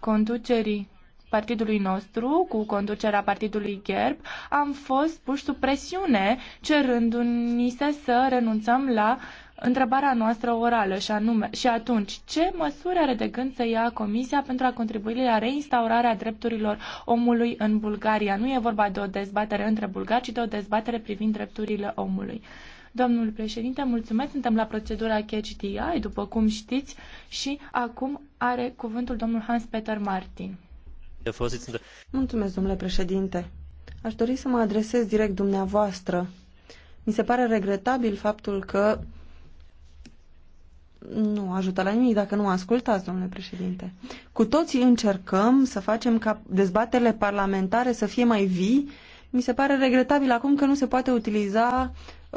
conducerii partidului nostru, cu conducerea partidului GERB, am fost puși sub presiune, cerându-ni să, să renunțăm la întrebarea noastră orală și anume, și atunci, ce măsuri are de gând să ia Comisia pentru a contribui la reinstaurarea drepturilor omului în Bulgaria? Nu e vorba de o dezbatere între bulgari, ci de o dezbatere privind drepturile omului. Domnul președinte, mulțumesc. Suntem la procedura Catch DI, după cum știți, și acum are cuvântul domnul Hans-Peter Martin. Mulțumesc, domnule președinte. Aș dori să mă adresez direct dumneavoastră. Mi se pare regretabil faptul că nu ajută la nimic dacă nu ascultați, domnule președinte. Cu toții încercăm să facem ca dezbaterile parlamentare să fie mai vii. Mi se pare regretabil acum că nu se poate utiliza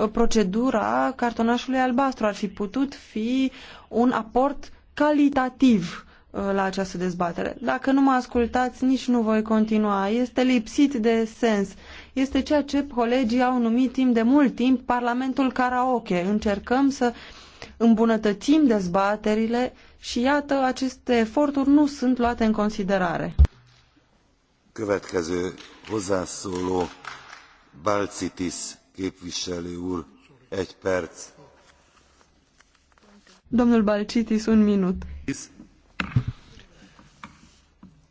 procedura cartonașului albastru. Ar fi putut fi un aport calitativ uh, la această dezbatere. Dacă nu mă ascultați, nici nu voi continua. Este lipsit de sens. Este ceea ce colegii au numit timp de mult timp Parlamentul Karaoke. Încercăm să îmbunătățim dezbaterile și iată, aceste eforturi nu sunt luate în considerare. Következő hozzászóló Balcitis képviselő úr, egy perc. Domnul Balcitis, un minut.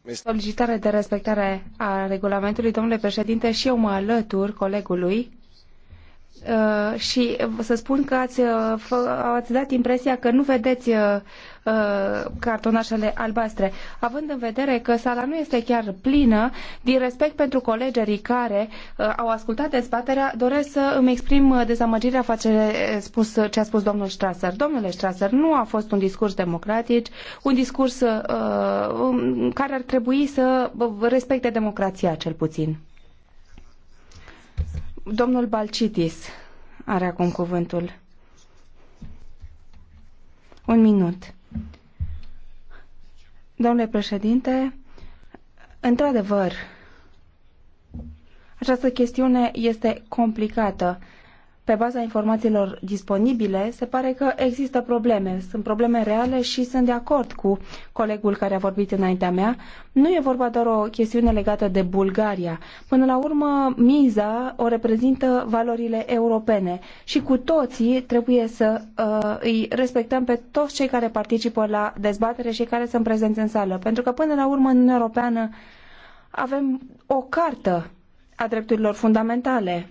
Solicitare de respectare a regulamentului, domnule președinte, și eu mă alătur colegului Uh, și să spun că ați, uh, ați dat impresia că nu vedeți uh, cartonașele albastre. Având în vedere că sala nu este chiar plină, din respect pentru colegerii care au ascultat dezbaterea, doresc să îmi exprim dezamăgirea față spus, ce a spus domnul Strasser. Domnule Strasser, nu a fost un discurs democratic, un discurs uh, um, care ar trebui să respecte democrația cel puțin. Domnul Balcitis are acum cuvântul. Un minut. Domnule președinte, într-adevăr, această chestiune este complicată pe baza informațiilor disponibile, se pare că există probleme. Sunt probleme reale și sunt de acord cu colegul care a vorbit înaintea mea. Nu e vorba doar o chestiune legată de Bulgaria. Până la urmă, miza o reprezintă valorile europene și cu toții trebuie să uh, îi respectăm pe toți cei care participă la dezbatere și care sunt prezenți în sală. Pentru că până la urmă, în Europeană, avem o cartă a drepturilor fundamentale,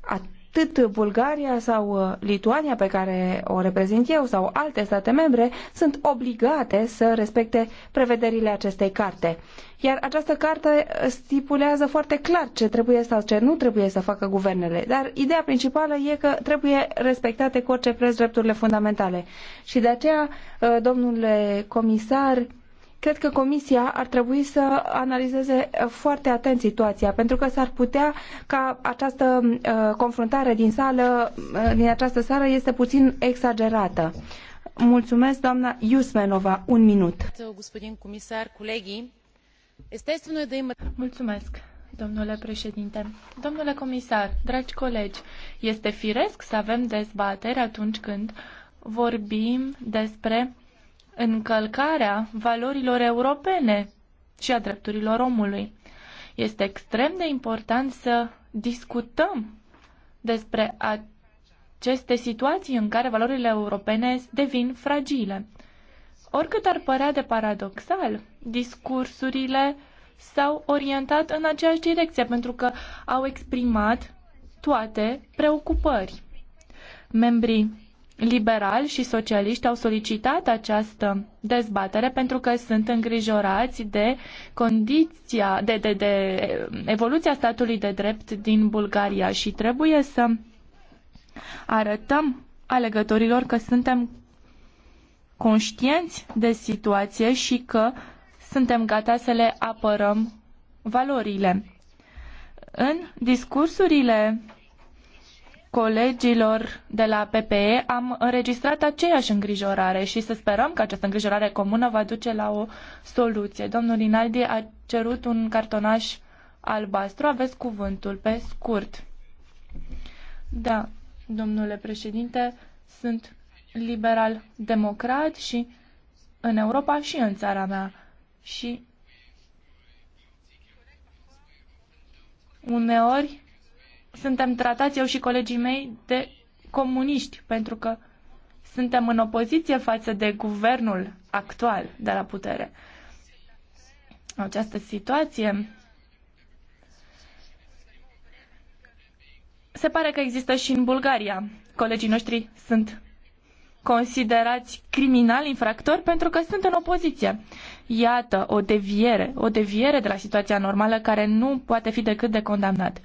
a atât Bulgaria sau uh, Lituania pe care o reprezint eu sau alte state membre sunt obligate să respecte prevederile acestei carte. Iar această carte uh, stipulează foarte clar ce trebuie sau ce nu trebuie să facă guvernele. Dar ideea principală e că trebuie respectate cu orice preț drepturile fundamentale. Și de aceea, uh, domnule comisar, Cred că Comisia ar trebui să analizeze uh, foarte atent situația, pentru că s-ar putea ca această uh, confruntare din sală, uh, din această sală, este puțin exagerată. Mulțumesc, doamna Iusmenova. Un minut. Mulțumesc. Domnule președinte, domnule comisar, dragi colegi, este firesc să avem dezbateri atunci când vorbim despre încălcarea valorilor europene și a drepturilor omului. Este extrem de important să discutăm despre aceste situații în care valorile europene devin fragile. Oricât ar părea de paradoxal, discursurile s-au orientat în aceeași direcție pentru că au exprimat toate preocupări. Membrii liberali și socialiști au solicitat această dezbatere pentru că sunt îngrijorați de condiția, de, de, de evoluția statului de drept din Bulgaria și trebuie să arătăm alegătorilor că suntem conștienți de situație și că suntem gata să le apărăm valorile. În discursurile colegilor de la PPE am înregistrat aceeași îngrijorare și să sperăm că această îngrijorare comună va duce la o soluție. Domnul Rinaldi a cerut un cartonaș albastru. Aveți cuvântul pe scurt. Da, domnule președinte, sunt liberal-democrat și în Europa și în țara mea. Și uneori suntem tratați, eu și colegii mei, de comuniști, pentru că suntem în opoziție față de guvernul actual de la putere. Această situație se pare că există și în Bulgaria. Colegii noștri sunt considerați criminali, infractori, pentru că sunt în opoziție. Iată o deviere, o deviere de la situația normală care nu poate fi decât de condamnat.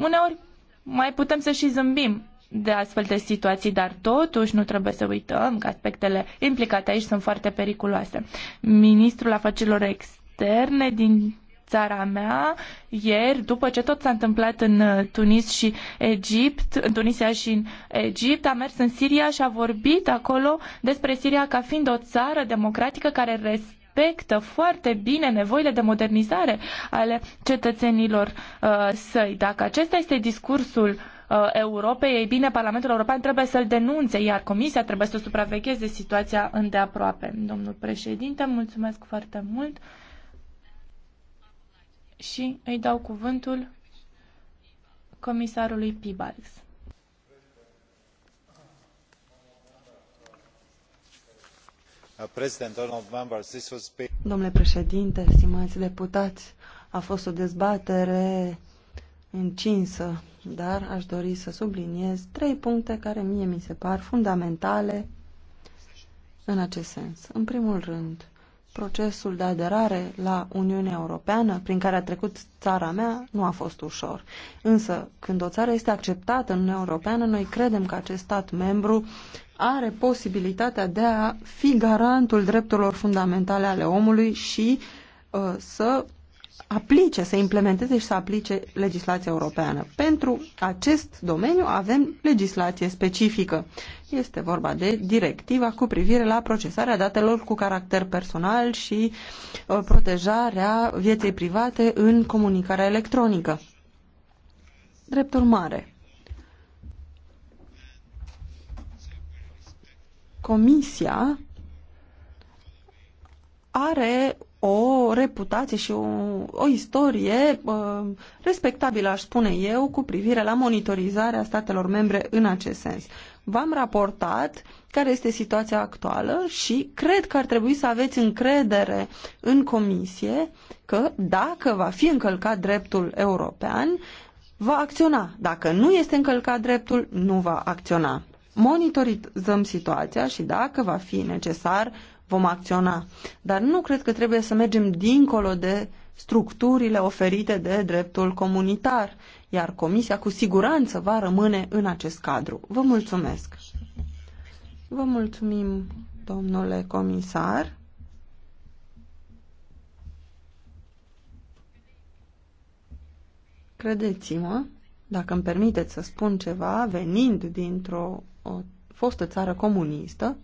Uneori mai putem să și zâmbim de astfel de situații, dar totuși nu trebuie să uităm că aspectele implicate aici sunt foarte periculoase. Ministrul afacerilor externe din țara mea, ieri, după ce tot s-a întâmplat în uh, Tunis și Egipt, în Tunisia și în Egipt, a mers în Siria și a vorbit acolo despre Siria ca fiind o țară democratică care respectă respectă foarte bine nevoile de modernizare ale cetățenilor uh, săi. Dacă acesta este discursul uh, Europei, ei bine, Parlamentul European trebuie să-l denunțe, iar Comisia trebuie să supravegheze situația îndeaproape. Domnul președinte, mulțumesc foarte mult și îi dau cuvântul comisarului Pibals. Uh, Domnule președinte, stimați deputați, a fost o dezbatere încinsă, dar aș dori să subliniez trei puncte care mie mi se par fundamentale în acest sens. În primul rând, procesul de aderare la Uniunea Europeană, prin care a trecut țara mea, nu a fost ușor. Însă, când o țară este acceptată în Uniunea Europeană, noi credem că acest stat membru are posibilitatea de a fi garantul drepturilor fundamentale ale omului și uh, să aplice, să implementeze și să aplice legislația europeană. Pentru acest domeniu avem legislație specifică. Este vorba de directiva cu privire la procesarea datelor cu caracter personal și uh, protejarea vieții private în comunicarea electronică. Drept urmare, Comisia are o reputație și o, o istorie uh, respectabilă, aș spune eu, cu privire la monitorizarea statelor membre în acest sens. V-am raportat care este situația actuală și cred că ar trebui să aveți încredere în comisie că dacă va fi încălcat dreptul european, va acționa. Dacă nu este încălcat dreptul, nu va acționa. Monitorizăm situația și dacă va fi necesar, vom acționa. Dar nu cred că trebuie să mergem dincolo de structurile oferite de dreptul comunitar, iar Comisia cu siguranță va rămâne în acest cadru. Vă mulțumesc! Vă mulțumim, domnule comisar. Credeți-mă, dacă îmi permiteți să spun ceva, venind dintr-o fostă țară comunistă,